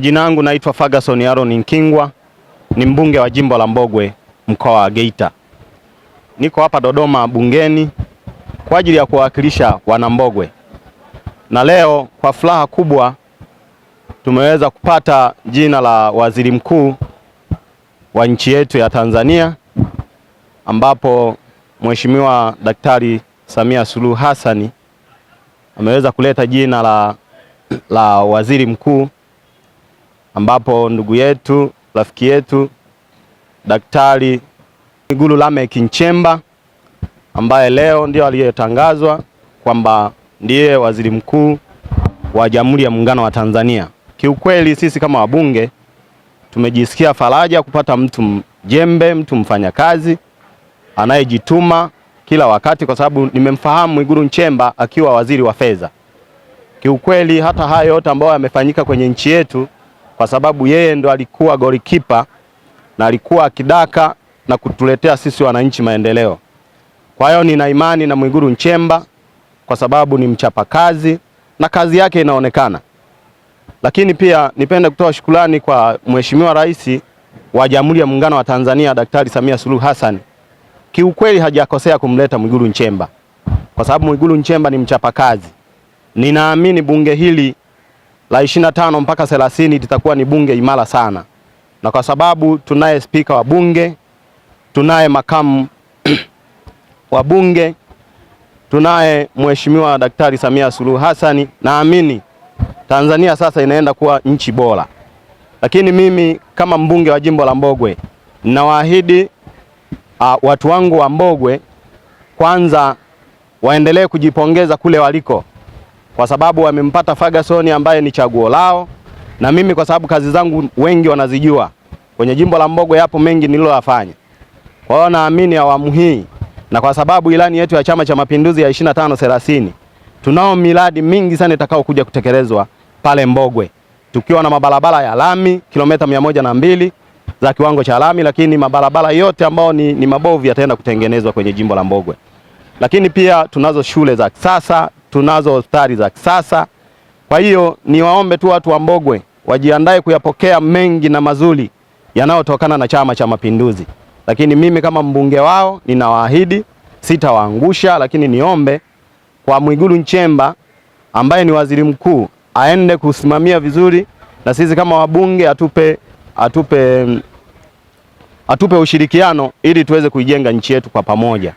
Jina langu naitwa Ferguson Aaron Nkingwa, ni mbunge wa jimbo la Mbogwe mkoa wa Geita. Niko hapa Dodoma bungeni kwa ajili ya kuwawakilisha wanambogwe, na leo kwa furaha kubwa tumeweza kupata jina la waziri mkuu wa nchi yetu ya Tanzania, ambapo Mheshimiwa Daktari Samia Suluhu Hassani ameweza kuleta jina la, la waziri mkuu ambapo ndugu yetu rafiki yetu Daktari Mwigulu Lameck Nchemba ambaye leo ndio aliyetangazwa kwamba ndiye waziri mkuu wa Jamhuri ya Muungano wa Tanzania. Kiukweli sisi kama wabunge tumejisikia faraja kupata mtu mjembe, mtu mfanyakazi anayejituma kila wakati, kwa sababu nimemfahamu Mwigulu Nchemba akiwa waziri wa fedha. Kiukweli hata haya yote ambayo yamefanyika kwenye nchi yetu kwa sababu yeye ndo alikuwa golikipa na alikuwa akidaka na kutuletea sisi wananchi maendeleo. Kwa hiyo nina imani na Mwigulu Nchemba kwa sababu ni mchapakazi na kazi yake inaonekana. Lakini pia nipende kutoa shukrani kwa Mheshimiwa Rais wa Jamhuri ya Muungano wa Tanzania Daktari Samia Suluhu Hassan. Kiukweli hajakosea kumleta Mwigulu Nchemba kwa sababu Mwigulu Nchemba ni mchapakazi. Ninaamini bunge hili la 25 mpaka 30 litakuwa ni bunge imara sana, na kwa sababu tunaye spika wa bunge, tunaye makamu wa bunge, tunaye Mheshimiwa Daktari Samia Suluhu Hassan, naamini Tanzania sasa inaenda kuwa nchi bora. Lakini mimi kama mbunge wa jimbo la Mbogwe ninawaahidi uh, watu wangu wa Mbogwe kwanza waendelee kujipongeza kule waliko kwa sababu wamempata Ferguson ambaye ni chaguo lao, na mimi kwa sababu kazi zangu wengi wanazijua kwenye jimbo la Mbogwe, yapo mengi nililoyafanya. Kwa hiyo naamini awamu hii na kwa sababu ilani yetu ya Chama cha Mapinduzi ya 25 30 tunao miradi mingi sana itakayokuja kutekelezwa pale Mbogwe, tukiwa na mabarabara ya lami kilomita mia moja na mbili za kiwango cha lami, lakini mabarabara yote ambayo ni, ni mabovu yataenda kutengenezwa kwenye jimbo la Mbogwe. Lakini pia tunazo shule za kisasa tunazo hospitali za kisasa. Kwa hiyo niwaombe tu watu wa Mbogwe wajiandae kuyapokea mengi na mazuri yanayotokana na Chama cha Mapinduzi, lakini mimi kama mbunge wao ninawaahidi sitawaangusha, lakini niombe kwa Mwigulu Nchemba ambaye ni waziri mkuu aende kusimamia vizuri, na sisi kama wabunge atupe, atupe, atupe ushirikiano ili tuweze kuijenga nchi yetu kwa pamoja.